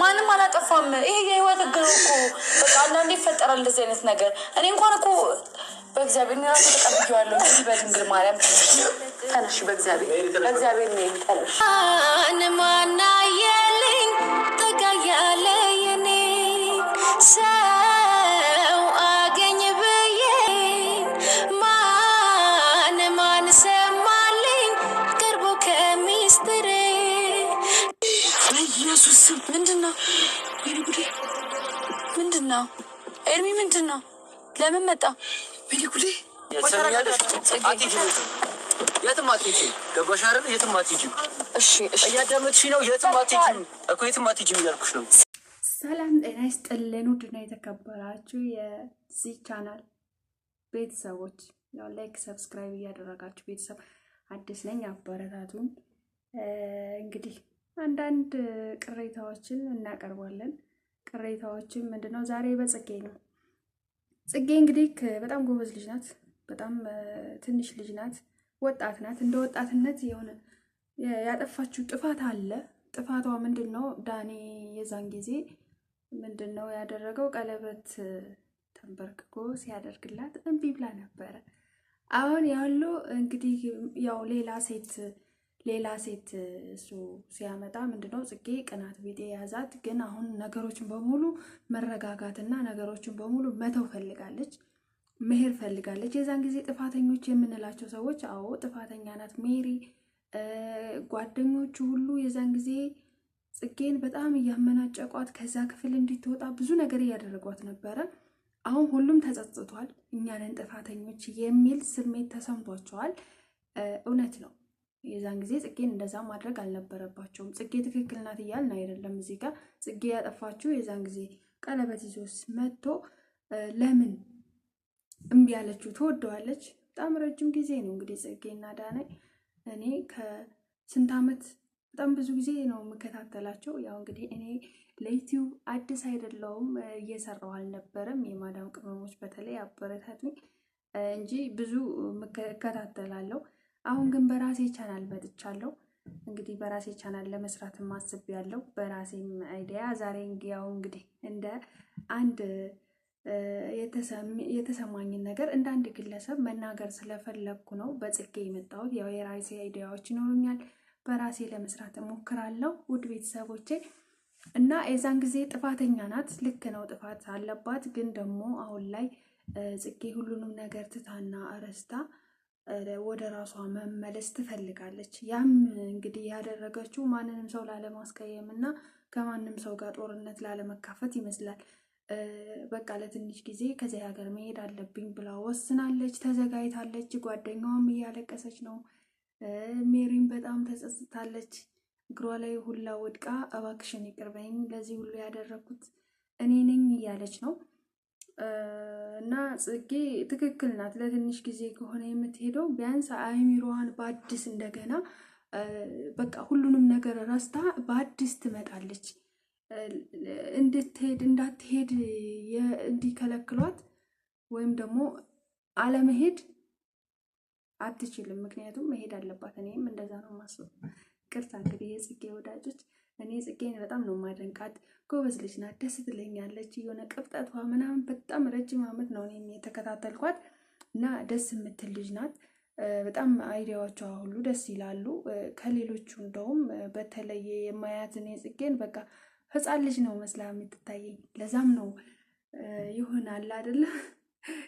ማንም አላጠፋም። ይሄ የህይወት ህግ ነው እኮ በቃ አንዳንዴ ይፈጠራል እንደዚህ አይነት ነገር። እኔ እንኳን እኮ በእግዚአብሔር ራሱ ተቀብያለሁ። በድንግል ማርያም ተነሽ፣ በእግዚአብሔር በእግዚአብሔር ተነሽ በኢየሱስ ስም ምንድን ነው? ወይኔ ጉዴ! ምንድን ነው ኤርሚ? ምንድን ነው? ለምን መጣ? ወይኔ ጉዴ! የትም አትሄጂም። ገባሽ አይደል? የትም አትሄጂም። ነው። የትም አትሄጂም እኮ የትም አትሄጂም እያልኩሽ ነው። ሰላም ጤና ይስጥልን። ውድና የተከበራችሁ የዚህ ቻናል ቤተሰቦች ያው ላይክ፣ ሰብስክራይብ እያደረጋችሁ ቤተሰብ አዲስ ነኝ አበረታቱን እንግዲህ አንዳንድ ቅሬታዎችን እናቀርባለን። ቅሬታዎችን ምንድነው? ዛሬ በጽጌ ነው። ጽጌ እንግዲህ በጣም ጎበዝ ልጅ ናት። በጣም ትንሽ ልጅ ናት። ወጣት ናት። እንደ ወጣትነት የሆነ ያጠፋችው ጥፋት አለ። ጥፋቷ ምንድን ነው? ዳኔ የዛን ጊዜ ምንድን ነው ያደረገው? ቀለበት ተንበርክኮ ሲያደርግላት እምቢ ብላ ነበረ። አሁን ያሉ እንግዲህ ያው ሌላ ሴት ሌላ ሴት እሱ ሲያመጣ ምንድነው ጽጌ ቅናት ቢጤ የያዛት። ግን አሁን ነገሮችን በሙሉ መረጋጋትና ነገሮችን በሙሉ መተው ፈልጋለች፣ መሄድ ፈልጋለች። የዛን ጊዜ ጥፋተኞች የምንላቸው ሰዎች አዎ ጥፋተኛ ናት ሜሪ፣ ጓደኞቹ ሁሉ የዛን ጊዜ ጽጌን በጣም እያመናጨቋት ከዛ ክፍል እንዲትወጣ ብዙ ነገር እያደረጓት ነበረ። አሁን ሁሉም ተጸጽቷል፣ እኛንን ጥፋተኞች የሚል ስሜት ተሰምቷቸዋል። እውነት ነው። የዛን ጊዜ ጽጌን እንደዛ ማድረግ አልነበረባቸውም። ጽጌ ትክክል ናት እያልን አይደለም። እዚህ ጋር ጽጌ ያጠፋችው የዛን ጊዜ ቀለበት ይዞ መጥቶ ለምን እምቢ ያለችው ትወደዋለች። በጣም ረጅም ጊዜ ነው እንግዲህ ጽጌና ዳናይ እኔ ከስንት ዓመት በጣም ብዙ ጊዜ ነው የምከታተላቸው። ያው እንግዲህ እኔ ለዩቲዩብ አዲስ አይደለውም፣ እየሰራው አልነበረም። የማዳም ቅመሞች በተለይ አበረታቱኝ እንጂ ብዙ እከታተላለሁ። አሁን ግን በራሴ ቻናል መጥቻለሁ። እንግዲህ በራሴ ቻናል ማስብ ያለው በራሴም አይዲያ ዛሬ እንግያው እንግዲህ እንደ አንድ የተሰማኝን ነገር እንደ አንድ ግለሰብ መናገር ስለፈለግኩ ነው በጽጌ የመጣሁት። ያው የራሴ አይዲያዎች ይኖሩኛል፣ በራሴ ለመስራት እሞክራለሁ። ውድ ቤተሰቦቼ እና የዛን ጊዜ ጥፋተኛ ናት፣ ልክ ነው፣ ጥፋት አለባት። ግን ደግሞ አሁን ላይ ጽጌ ሁሉንም ነገር ትታና ረስታ ወደ ራሷ መመለስ ትፈልጋለች። ያም እንግዲህ ያደረገችው ማንንም ሰው ላለማስቀየም እና ከማንም ሰው ጋር ጦርነት ላለመካፈት ይመስላል። በቃ ለትንሽ ጊዜ ከዚህ ሀገር መሄድ አለብኝ ብላ ወስናለች፣ ተዘጋጅታለች። ጓደኛዋም እያለቀሰች ነው። ሜሪም በጣም ተጸጽታለች። እግሯ ላይ ሁላ ወድቃ እባክሽን ይቅርበኝ ለዚህ ሁሉ ያደረግኩት እኔ ነኝ እያለች ነው። እና ጽጌ ትክክል ናት። ለትንሽ ጊዜ ከሆነ የምትሄደው ቢያንስ አእምሮዋን በአዲስ እንደገና በቃ ሁሉንም ነገር ረስታ በአዲስ ትመጣለች። እንድትሄድ እንዳትሄድ እንዲከለክሏት ወይም ደግሞ አለመሄድ አትችልም። ምክንያቱም መሄድ አለባት። እኔም እንደዛ ነው ማስበው። ቅርታ እንግዲህ የጽጌ ወዳጆች እኔ ጽጌን በጣም ነው ማደንቃት። ጎበዝ ልጅ ናት፣ ደስ ትለኛለች። የሆነ ቅብጠቷ ምናምን በጣም ረጅም ዓመት ነው እኔም የተከታተልኳት እና ደስ የምትል ልጅ ናት። በጣም አይዲያዎቿ ሁሉ ደስ ይላሉ። ከሌሎቹ እንደውም በተለየ የማያት እኔ ጽጌን በቃ ህፃን ልጅ ነው መስላ የምትታየኝ። ለዛም ነው ይሆናል አይደለም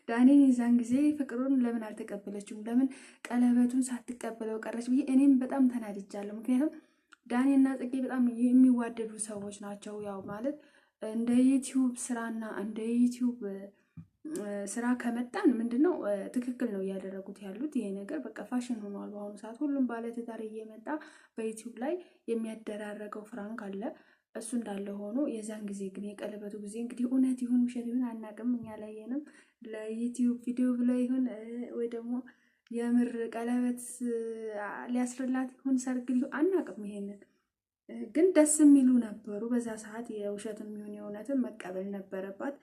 ዳኔን የዛን ጊዜ ፍቅሩን ለምን አልተቀበለችውም? ለምን ቀለበቱን ሳትቀበለው ቀረች ብዬ እኔም በጣም ተናድጃለሁ። ምክንያቱም እና ጽጌ በጣም የሚዋደዱ ሰዎች ናቸው። ያው ማለት እንደ ዩቲዩብ ስራና እንደ ዩቲዩብ ስራ ከመጣን ምንድነው ትክክል ነው እያደረጉት ያሉት ይሄ ነገር በቃ ፋሽን ሆኗል። በአሁኑ ሰዓት ሁሉም ባለትዳር እየመጣ በዩቲዩብ ላይ የሚያደራረገው ፍራንክ አለ። እሱ እንዳለ ሆኖ የዛን ጊዜ ግን የቀለበቱ ጊዜ እንግዲህ እውነት ይሁን ውሸት ይሁን አናቅም። እኛ ላየንም ለዩቲዩብ ቪዲዮ ብለው ይሁን የምር ቀለበት ሊያስርላት ይሁን ሰርግ አናቅም። ይሄንን ግን ደስ የሚሉ ነበሩ። በዛ ሰዓት የውሸትም ይሁን የእውነትም መቀበል ነበረባት።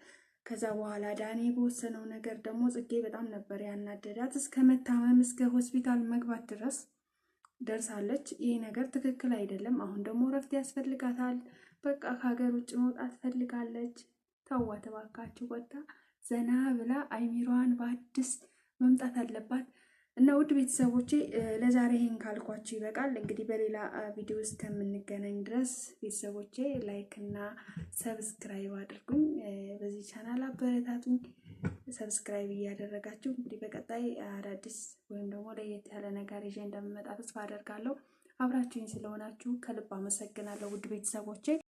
ከዛ በኋላ ዳኔ በወሰነው ነገር ደግሞ ጽጌ በጣም ነበር ያናደዳት። እስከ መታመም እስከ ሆስፒታል መግባት ድረስ ደርሳለች። ይህ ነገር ትክክል አይደለም። አሁን ደግሞ እረፍት ያስፈልጋታል። በቃ ከሀገር ውጭ መውጣት ፈልጋለች። ታዋ ተባካችሁ ወጣ ዘና ብላ አይሚሯን በአዲስ መምጣት አለባት። እና ውድ ቤተሰቦቼ ለዛሬ ይሄን ካልኳችሁ ይበቃል። እንግዲህ በሌላ ቪዲዮ ውስጥ ከምንገናኝ ድረስ ቤተሰቦቼ ላይክ እና ሰብስክራይብ አድርጉኝ። በዚህ ቻናል አበረታቱኝ ሰብስክራይብ እያደረጋችሁ እንግዲህ በቀጣይ አዳዲስ ወይም ደግሞ ለየት ያለ ነገር ይዤ እንደምመጣ ተስፋ አደርጋለሁ። አብራችሁኝ ስለሆናችሁ ከልብ አመሰግናለሁ ውድ ቤተሰቦቼ።